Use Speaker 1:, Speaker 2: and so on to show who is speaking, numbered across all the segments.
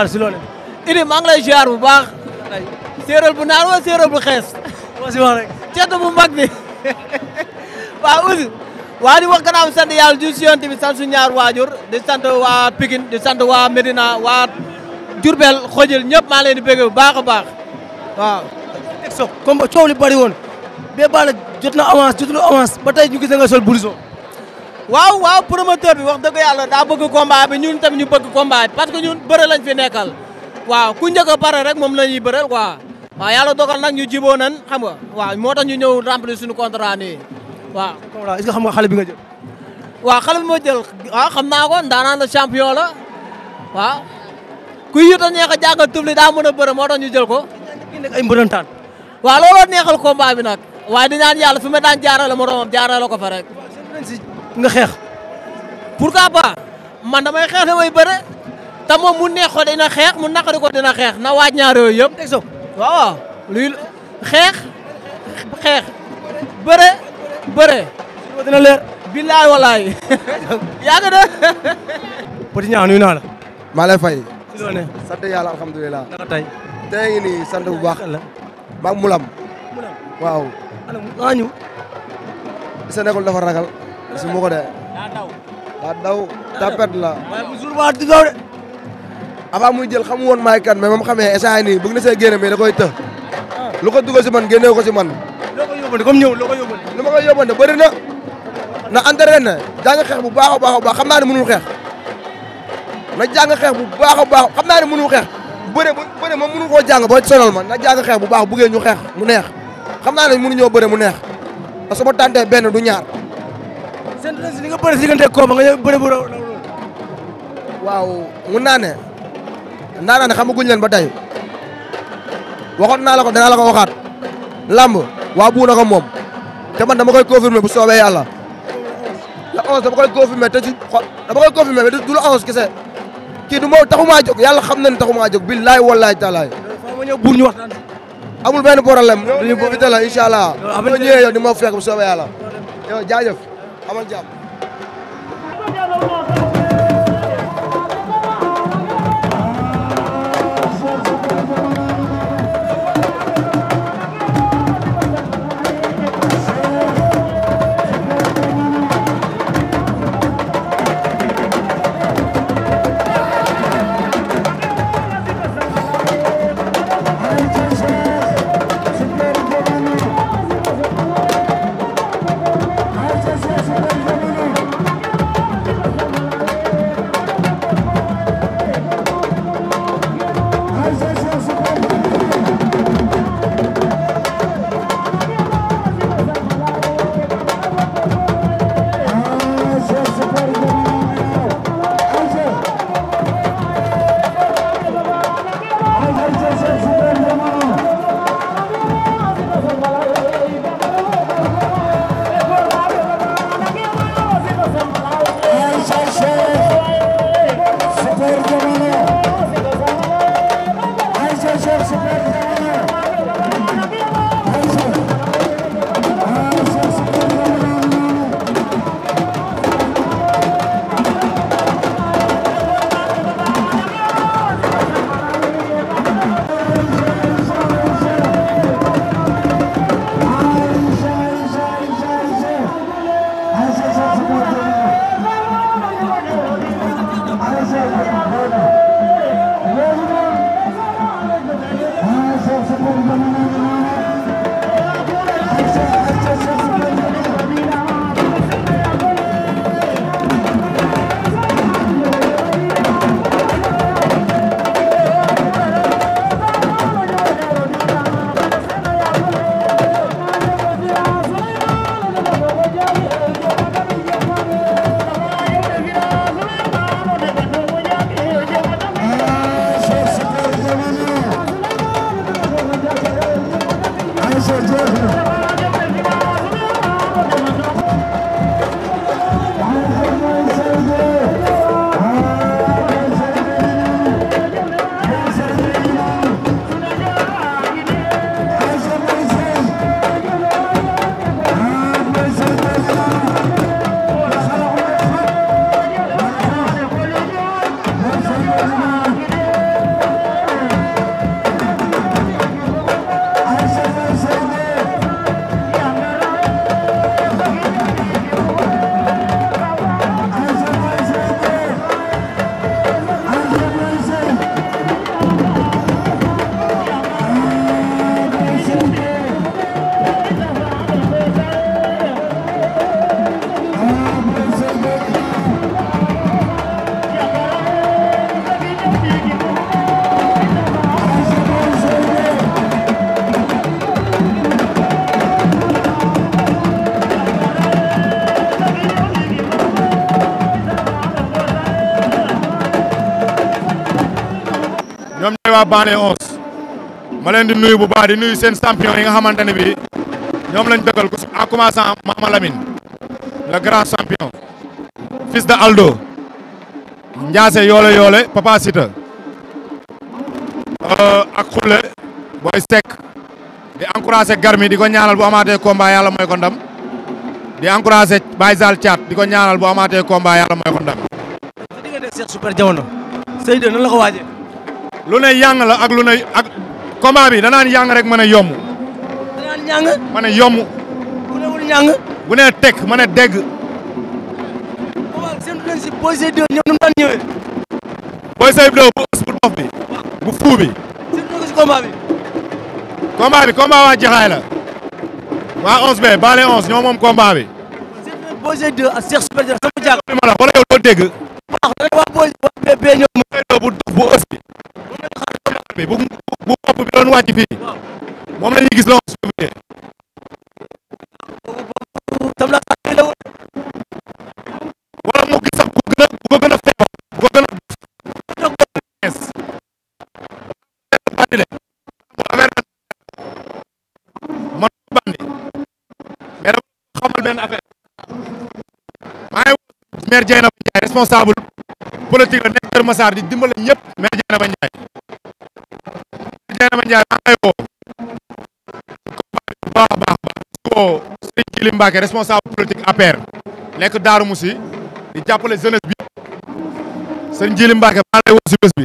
Speaker 1: Fall si loolu idi maa ngi lay bu baax séeréer bu naar wala séeréer bu xees moo si wax rek ceeb bu mag bi waaw aussi waa di wax gannaaw sant yàlla ju si yoon bi sant ñaar waajur di sant waa Pikine di sant waa Medina waa Diourbel xojil ñëpp maa leen di bëgg bu baax a baax waaw so comme coow li bari woon bee baala jot na avance jotul avance ba tey ñu nga sol blouson waaw waaw promoteur bi wax dëgg yàlla daa bëgg combat bi ñun tamit ñu bëgg combat bi parce que ñun bëre lañ fi nekkal waaw ku njëkk a pare rek moom la ñuy bëreel quoi. waaw yàlla dogal nag ñu jiboo nan xam nga waaw moo tax ñu ñëw remplir suñu contrat nii waaw. est-ce que xale bi nga jël. waaw xale bi ma xam naa ko ndaanaan la champion la waaw. ku yit a neex a jàngal tubli daa mën a bëre moo tax ñu jël ko. ay mbërëntaan. waaw looloo neexal combat bi nag waaye di ñaan yàlla fi ma daan jaarale ma romam jaarale ko fa rek. nga xeex pourquoi pas man damay xeex damay bëre te moom mu neex ko dina xeex mu naqari ko dina xeex na waaj ñaar yooyu yëpp teg so waaw luy xeex xeex bëre bëre dina leer billaay walaay yàgg na
Speaker 2: Petit Niang nuyu naa la maa fay sant yàlla alhamdulilah naka tey tey ngi nii bu baax maag mulam waaw ana ñu sa gisuma ko de. daa daw daa daw tapet la. waaye bu jour ba di daw de. avant muy jël xamu woon maay kan mais moom xamee instant nii bëgg na see génne mais da koy ah. lu ko dugal si man génne ko si man. loo ko ñëw loo ko yóbbante. lu ma koy yóbbante bëri na. na entraîné na jàng xeex bu baax a baax a xam naa ne mënul xeex. na jàng xeex bu baax a baax xam naa ne mënul xeex. bëre bu bëre moom mënu koo jàng ba sonal ma na jàng xeex bu baax buggee ñu xeex mu xam naa ne mënuñoo bëre mu neex parce que ma benn du ñaar
Speaker 3: seen si li nga bëri si diggante ak
Speaker 2: Kobra nga ñëw bëri bu raw waaw mun naa ne ndaanaan xamaguñ leen ba tey waxoon naa la ko danaa la ko waxaat làmb waa buuna ko moom te man dama koy confirmer bu soobee yàlla la 11 dama koy confirmer te ci dama koy confirmer mais du la 11 kese kii du moo taxumaa jóg yàlla xam na ne taxumaa jóg billaay wallaay taalaay. ma ñëw buur ñu waxtaan amul benn problème. dañu bëgg la incha allah. yow am na ñëwee yow ni ma fekk bu soobee yàlla yow jaajëf. amal jàmm
Speaker 4: waa Bané 11 ma leen di nuyu bu baax di nuyu seen champion yi nga xamante ne bi ñoom lañ dëggal ko en commençant Mama Lamine le grand champion fils de Aldo Ndiasse yoole yoole Papa Sita euh, ak xulle booy di encouragé garmi di ko ñaanal bu amaatee combat yàlla mooy ko ndam di encouragé Baye Zal di ko ñaanal bu amaatee combat yàlla la ko waajee. lu ne yàng la ak lu ne ak combat bi danaan yàng rek mën a yomb. danaan bu newul yàng. bu nee teg mën a dégg. si Boy Seye 2 nu mu daan ñëwee. Boy Seye bu ës bu dof bi. bu si combat bi. combat waa jaxaay la. waa 11B baale 11 ñoo moom combat bi. seen dugg Boy Seye ak Super Diagne sama jàkk. wala yow doo dégg. bu dof bi bu bu bopp bi doon wàcc fii moom la ñuy gis lool février wala mu gis sax ku gën a ku ko gën a feebar ku ko gën a man bandi mais dama xamal benn affaire maa ngi maire Dieynaba Ndiaye responsable politique la nekk Kër Massar di dimbale ñëpp maire Dieynaba Ndiaye Djily Mbacké responsable politique APR nekk Darou Moussi di jàppale jeunesse bi sëñ Djily Mbacké maa lay woo si bés bi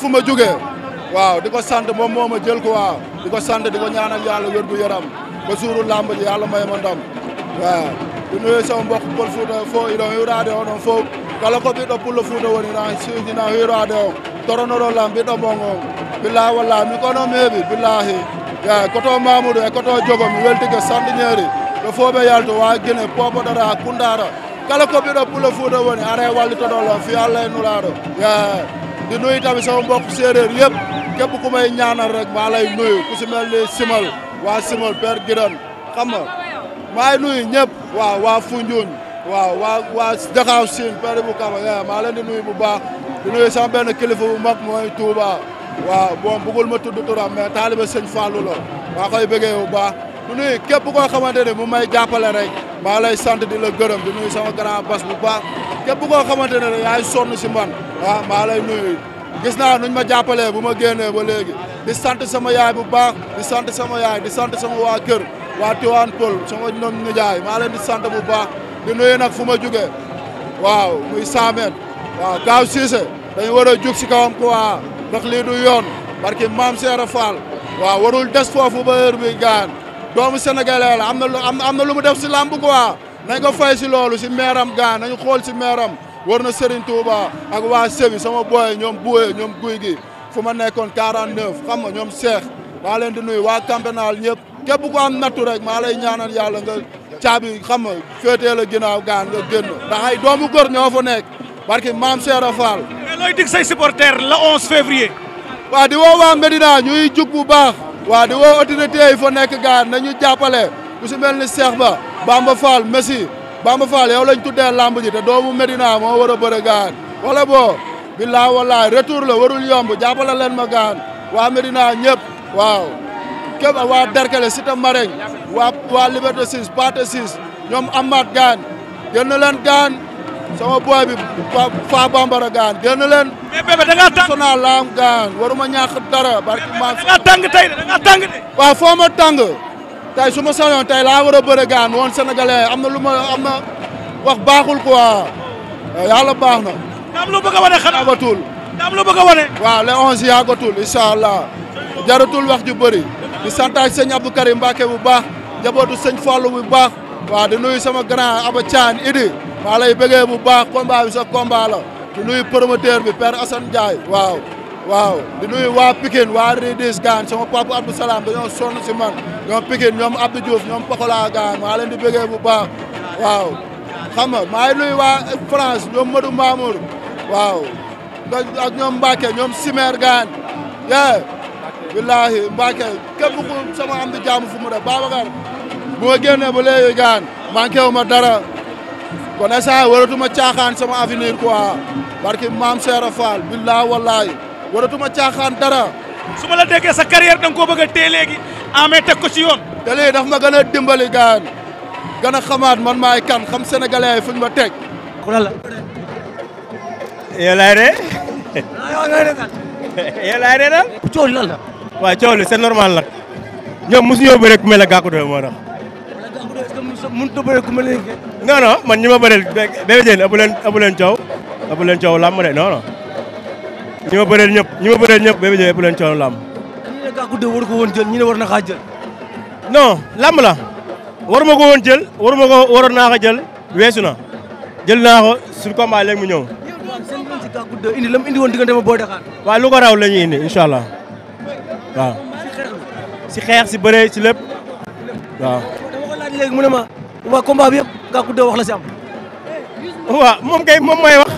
Speaker 3: fu ma jógee waaw di ko sant moom moo ma jël ko waaw di ko sant di ko ñaanal yàlla wér gu yaram ba suuru làmb ji yàlla may di nuyu sama mbokk Pël Fuuta fo iɗon hiwrade oɗon fof kala ko ɓiɗɗo pullo Fuuta woni ɗan suujina hiwrade o toronoɗo lam ɓiɗɗo mon on billahi wallahi mi kono meeɓi billahi eyi koto mamoudou e koto jogo mi weltike sanɗiñeeri ɗo fof ɓe yalto wawi guine popoɗora kundara kala ko ɓiɗɗo pullo Fuuta woni are e nuraɗo di nuyu tamit sama mbokk séeréer yëpp képp ku may ñaanal rek maa lay nuyu ku si mel ni Simal waa Simal Père Guirane xam maa ngi nuyu ñëpp waaw waa Foundiougne waaw waa waa Jaxaaw Siin Père bu Kama eh, maa leen di nuyu bu baax di nuyu sama benn kilifa bu mag mooy Touba waaw bon bëggul ma tudd turam mais taaliba sëñ Fallou la maa di nuyu képp koo mu may jàppale rek maa lay sant di la gërëm di nuyu sama grand bas képp koo xamante ne yaay sonn si man ah maa lay nuyu gis naa nuñ ma jàppalee bu ma génnee ba léegi di sant sama yaay bu baax di sant sama yaay di sant sama waa kër waa Tiwaan Pël sama ñoom nijaay maa leen di sant bu baax di nuyu nag fu ma jugee waaw muy 100 mètres waaw Kaaw dañu war a jug si kawam quoi ndax lii yoon barki maam Seera Fall waaw warul des foofu ba heure bi gaan doomu sénégalais am na lu am na lu mu def si làmb nañ ko fay si loolu si meeram gaa nañu xool si meeram war na Serigne Touba ak waa Sébi sama booy ñoom Bouye ñoom Guy gi fu ma nekkoon 49 xam nga ñoom Cheikh maa leen di nuyu waa Campenal ñëpp képp ku am nattu rek maa lay ñaanal yàlla nga caabi xam nga féetee la ginnaaw gaan nga génn ndax ay doomu góor ñoo fa nekk parce que maam Seera Fall. mais looy dig say supporters le 11 février. waa di woo waa Medina ñuy jug bu baax. waa di woo autorité yi fa nekk gaan nañu jàppale. ku si mel ni Cheikh Ba Bamba Fall Messi Bamba Fall yow lañ tuddee lamb ji te doomu Medina moo war a bëre gaan bo boo billaa wallaay retour la warul yomb jàppale leen ma gaan waa Medina ñëpp waaw képp waa Derkele Cité Mareng waa waa Liberté ñoom Amath gaan génn leen gaan sama boy bi fa bambara gaan génn leen mais laam gaan waruma ñàkk dara barki ma da ngaa tàng tàng tey suma sa sañoon tey laa war a bëre gaan woon sénégalais am na lu ma am na wax baaxul quoi eh, yàlla baax na. daam lu bëgg a wane xanaa yàggatul. daam lu bëgg wane. waaw les onze yàggatul incha allah jaratul wax ju bëri di santaaj sëñ Abdou Karim Mbacke bu baax jabootu sëñ Fallou baax waaw di nuyu sama grand Aba Thian Idi maa lay bëggee bu baax combat bi sa combat la di nuyu promoteur bi Père Assane waaw. waaw di nuyu waa Pikine waa Redis gaan sama papa Abdou Salam dañoo sonn si man ñoom Pikine ñoom Abdou ñoom Pokola gaan maa leen bëggee bu baax waaw xam maa ngi nuyu waa France ñoom Madou Mamour waaw ak ñoom Mbacke ñoom Simer gaan yee billaahi Mbacke képp sama am fu mu def Babacar bu ma génnee ba léegi gaan manqué wu ma dara kon instant waratuma caaxaan sama avenir quoi barki maam Serap Fall billaahi wallaahi waratuma caaxaan dara. su la déggee sa carrière da nga koo bëgg a téye léegi amee teg ko ci yoon. te léegi daf ma a dimbali gaan gën a xamaat man maay kan xam sénégalais yi fuñ ma teg. ku la. yow laay de.
Speaker 5: yow laay la. waaw coow li c'est normal nag. ñoom mosu ñoo bëre ku mel ne Gackou 2 moo tax. mënut a bëre ku mel ne. ñi ma bëreel Bébé Diène ëpp leen ëpp leen coow. ëpp leen coow ñi ma bëreel ñëpp ma bëreel ñëpp Bébé Dièye ëpp leen coono làmb. ñu ne war ko woon jël ñu ne war na xaa jël. ko woon jël waruma ko waroon naa ko jël weesu na jël naa ko suñu combat mu ñëw.
Speaker 2: ci
Speaker 5: indi la mu indi woon diggante ma Boy Dakar. waaw lu ko raw la ñuy indi incha allah waaw. si xeex si bëree si lépp
Speaker 3: waaw. dama
Speaker 5: ko laaj mu ne ma waa combat bi yëpp Gackou 2 wax la si am. waaw moom kay moom may wax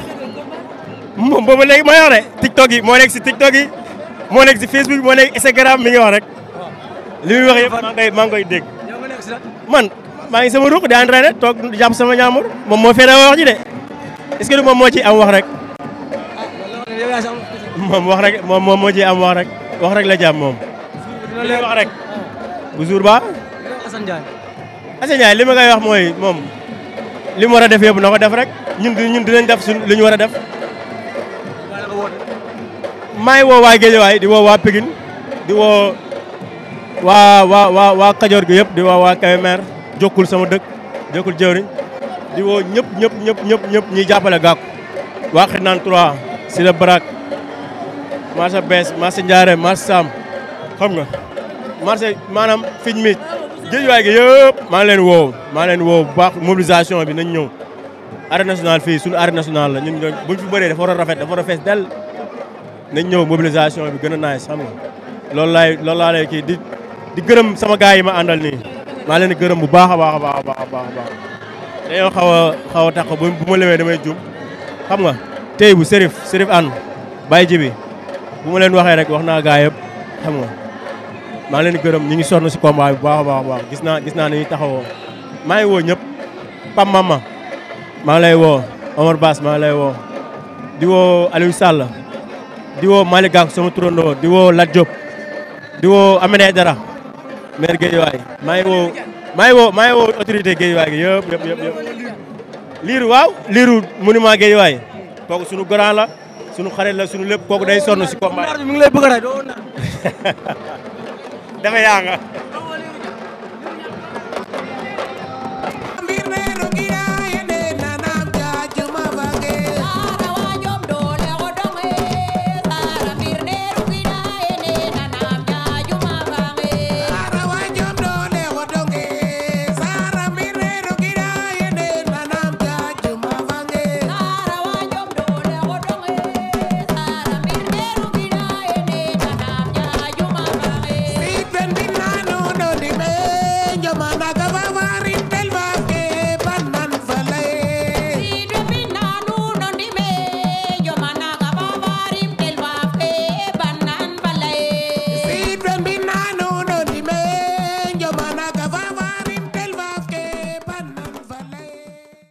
Speaker 5: moom may wax TikTok yi moo nekk si TikTok yi moo nekk si Facebook moo nekk Instagram mi ngi wax rek li muy wax yëpp maa ngi koy maa ngi koy dégg man maa ngi sama ruq di entraîné toog jàpp sama ñaamur moom moo fee wax ji de est-ce que du moom moo ciy am wax rek moom wax rek moom moom moo ciy am wax rek wax rek la jàpp moom li wax rek bu jour ba Assane Ndiaye Assane Ndiaye li ma koy wax mooy moom li mu war a def yëpp na ko def rek ñun ñun dinañ def suñ li ñu war a def maa ngi woo waa Guédiawaye di woo waa Pikine di woo waa waa waa waa Kajoor gi yëpp di woo waa Kébémer jokkul sama dëkk jokkul jëwriñ di woo ñëpp ñëpp ñëpp ñëpp ñëpp ñiy jàppale Gàkku waa Xinaan 3 si la Barak marché bees marché Ndiarème marché Sam xam nga marché maanaam fiñ mi Guédiawaye gi yëpp maa leen woow maa ngi leen woow bu baax mobilisation bi nañ ñëw arène nationale fii suñu arène nationale la ñun buñ fi bëree dafa war rafet dafa war a fees dell nañ ñëw mobilisation bi gën a naaj xam nga loolu laay loolu laa lay kii di di gërëm sama gars yi ma àndal nii maa leen di gërëm bu baax a baax a baax a baax a baax dañoo xaw a xaw a tax bu ma lemee damay jum xam nga tey bu Serif Serif an Baye Jibi bu ma leen waxee rek wax naa gars yëpp xam nga maa ngi leen di gërëm ñu ngi sonn si combat bi bu baax a baax a baax gis naa gis naa ni ñuy taxawoo maa ngi woo ñëpp Pam Mama maa ngi lay woo Omar Bass maa ngi lay woo di woo Aliou Sall di woo Malick Gakou sama turandoo di woo Lat Diop di woo Amina Aidara maire Guédiawaye maa ngi woo maa ngi woo maa ngi woo autorité Guédiawaye gi yëpp yëpp yëpp yëpp liiru waaw liiru monument Guédiawaye kooku sunu grand la sunu xarit la sunu lépp kooku day sonn si combat mi ngi lay bëgg a doo dafa yaa nga